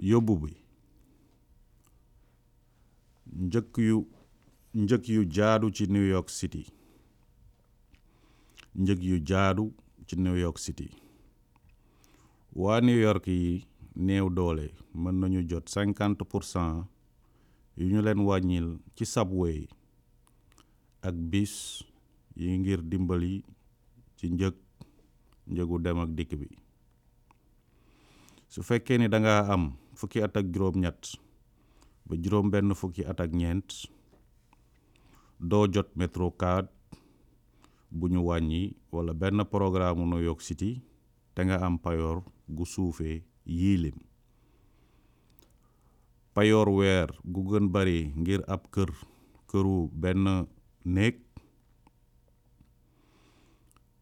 yóbbu bi njëkk yu njëkk yu jaadu ci New York City njëg yu jaadu ci New York City waa New York yi neew doole mën nañu jot cinquante pour cent yu ñu leen wàññil ci subway ak bis yi ngir dimbali ci njëg njëgu dem ak dikk bi su fekkee ni danga am fukki at ak juróom-ñett ba juróom-benn fukki at ak ñeent doo jot metrocard bu ñu wàññi wala benn programme New York City te nga am payoor gu suufee yii lim payoor weer gu gën bari ngir ab kër këru benn néeg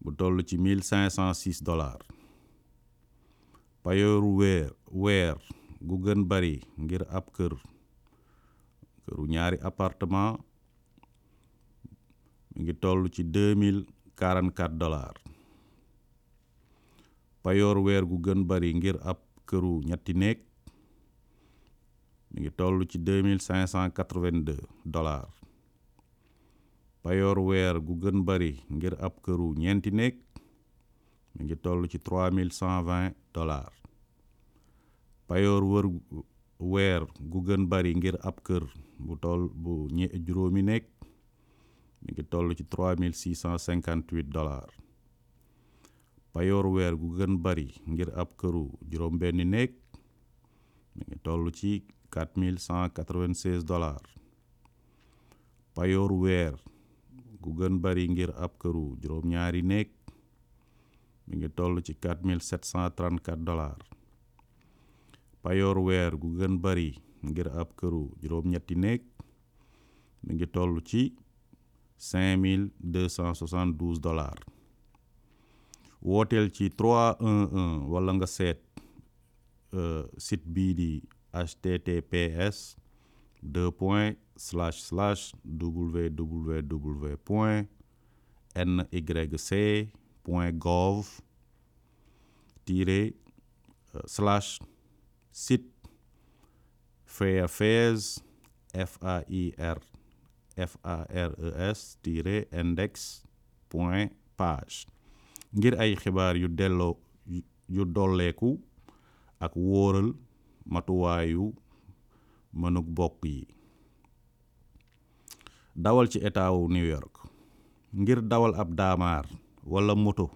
bu toll ci mille cinq cent six dollars payooru weer weer gu gën bari ngir ab kër këru ñaari appartement mu ngi toll ci deux mille quarante quatre dollars payoor weer gu gën bari ngir ab këru ñetti néeg mu ngi tollu ci deux mille cinq cent quatre vingt deux dollars payoor weer gu gën bari ngir ab këru ñeenti néeg mu ngi toll ci trois mille cent vingt dollars payoor wër weer gu gën bari ngir ab kër bu toll bu ñe juróomi nekk mu ngi toll ci trois mille cent cinquante huit dollars payoor weer gu gën bari ngir ab këru juróom benn néeg mu ngi toll ci quatre mille cent quatre vingt seize payoor weer gu gën bari ngir ab këru juróom ñaari néeg mu ngi toll ci quatre mille sept cent trente payoor weer gu gën bari ngir ab këru juróom-ñetti néeg mu ngi toll ci cinq mille deux cent soixante douze dollars wooteel ci 311 wala nga seet euh, site bii di https deux point slash slash www point nyc point gov tiret euh, slash sit fairfares f a i r e s tiré index point page ngir ay xibaar yu delloo yu dolleeku ak wóoral matuwaayu mënug bokk yi dawal ci état New York ngir dawal ab daamaar wala moto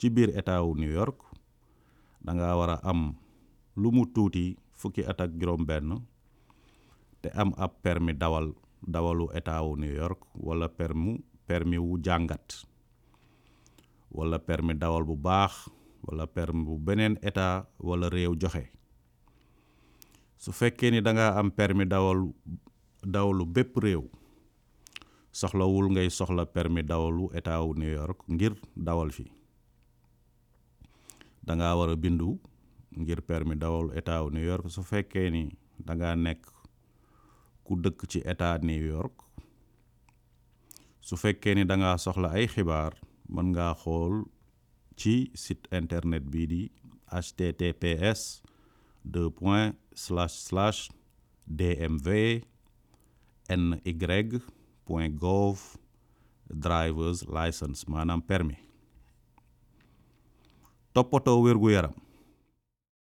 ci biir état wu New York danga war am lu mu tuuti fukki at ak juróom-benn te am ab permis dawal dawalu état wu New York wala permu permis wu jàngat wala permis dawal bu baax walla permis bu beneen état wala réew joxe su fekkee ni danga am permis dawal dawalu bépp réew soxlawul ngay soxla permis dawalu état wu New York ngir dawal fi danga nga war a bindu. ngir permis dawal état wu New York su fekkee ni da ngaa nekk ku dëkk ci état New York su fekkee ni da ngaa soxla ay xibaar mën ngaa xool ci site internet bii di https deux point slash slash dmv ny point gov drivers license maanaam permi toppatoo wér yaram